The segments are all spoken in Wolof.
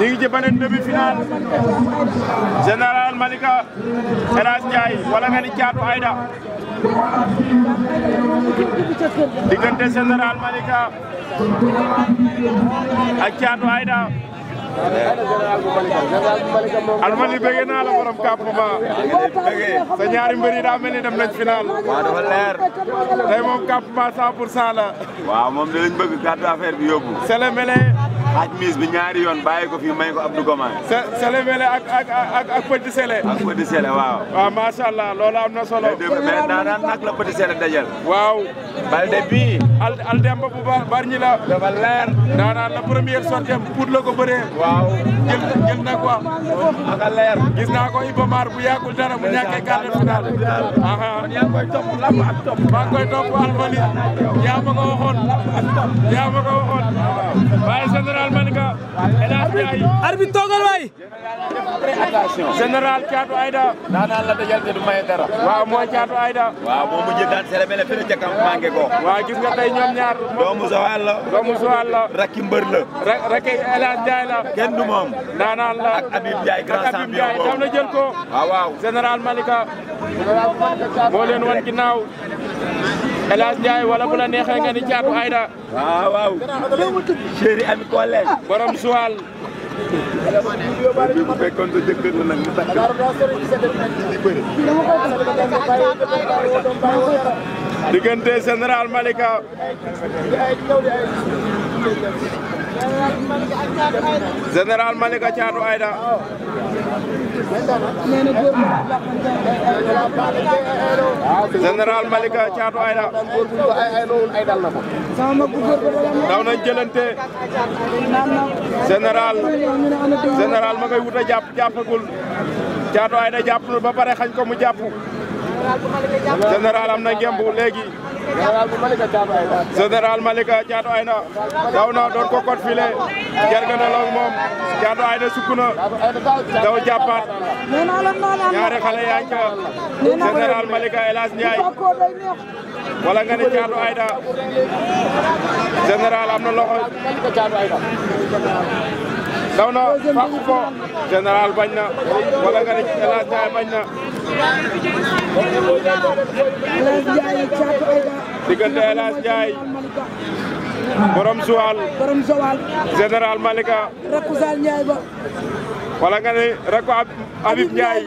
ñu ngi ci beneen demi-finale général Malika El Hadj Ndiaye nga ni Thiatou Aïda diggante général Malika ak Thiatou Aïda almani bëgg naa la borom campement sa ñaari mbër yi daa ni dem nañ final waaw dafa leer tey moom campement 100 pour cent la waaw moom dinañ bëgg gàddu affaire bi yóbbu selemele aj mise bi ñaari yoon bàyyi ko fii may ko Abdou Goman. Sele Wele ak ak ak ak waaw. waaw macha allah am na solo. mais daanaka nag la Petit Sele dajal. waaw. Balde bii. la. waaw jël jël na ko am. gis naa bu yàggul dara maa koy topp Alfani. yaa ma ko waxoon. yaa ma ko waxoon. arbitre toogal waay. général Thiatou Aida. naanaan la dajal te du maye dara. waaw mooy Thiatou Aida. waaw moom mujj daan Sélébélé fële ca camp Mangé ko. waaw gis nga ñoom ñaar. doomu Joal la. doomu Joal la. rakki mbër rakki El Hadj la. kenn du moom. naanaan la ak Habib Ndiaye grand champion boobu na jël ko. waaw waaw Malika. moo leen wan ginnaaw. El Hadj Ndiaye wala bu la neexee nga ni Ayda. waaw waaw. chéri ami borom Suwal. bu fekkoon ne général Malika Thiatou Aida général Malika Thiatou Aida daw nañ jëlante général général ma koy wut a jàpp jàppagul ba pare xañ ko mu jàpp général am na ngembu léegi général Malika Thiatou Ayna daw na doon ko kot file jargandaloo moom Thiatou Ayna sukk daw jàppaat ñaari xale yaa Malika El Hadj Ndiaye nga ne Thiatou Ayna général am na loxo daw na fàq ko général bañ na wala nga ne El Hadj bañ na Elas Ndiaye Thiatou Aida. diggante Elas Ndiaye. borom Joal. borom Joal. général Malika. rakku Zal Ndiaye ba. wala nga ne rakku Habib Ndiaye.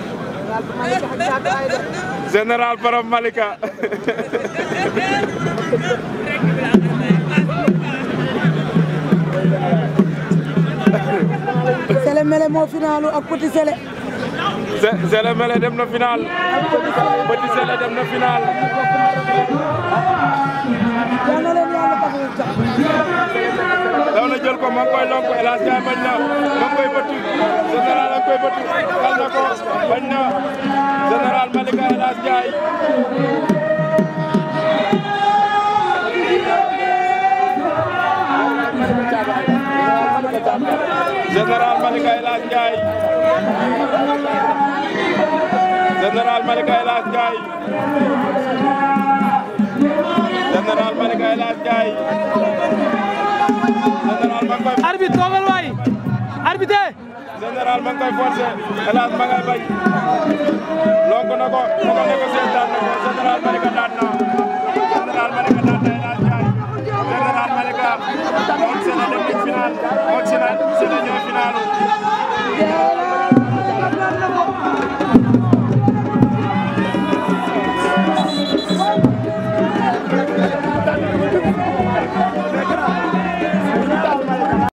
général borom Malika. Sele Mele moo finaalu ak Petit Sele. Zele Mele dem na final Petit Zele ma koy lonk El Hadj bañ na ma koy bëtt koy bëtt xal na bañ na général Malika El général Malika El Hadj Ndiaye général Malika El Hadj Ndiaye général ma ngi koy. arbitre toogal waay arbitre. général ma ngi koy forcé El Hadj ma ngay bañ lonk na ko ma ko négocié daan na ko général Malika daan na.